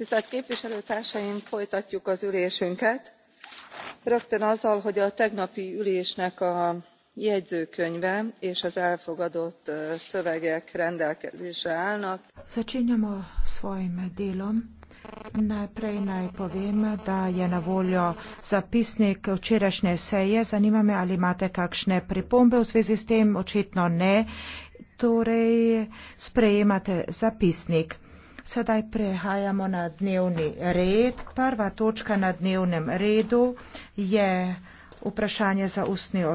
tisztelt képviselőtársaim folytatjuk az ülésünket rögtön azzal hogy a tegnapi ülésnek a jegyzőkönyve és az elfogadott szövegek rendelkezésre állnak. Začenjamo s svojim delom. Najprej naj povem, da je na voljo zapisnik včerajšnje seje. Zanima me, ali imate kakšne pripombe v zvezi s tem? Očitno ne. Torej, sprejemate zapisnik. Sedaj prehajamo na dnevni red. Prva točka na dnevnem redu je vprašanje za ustni odgovor.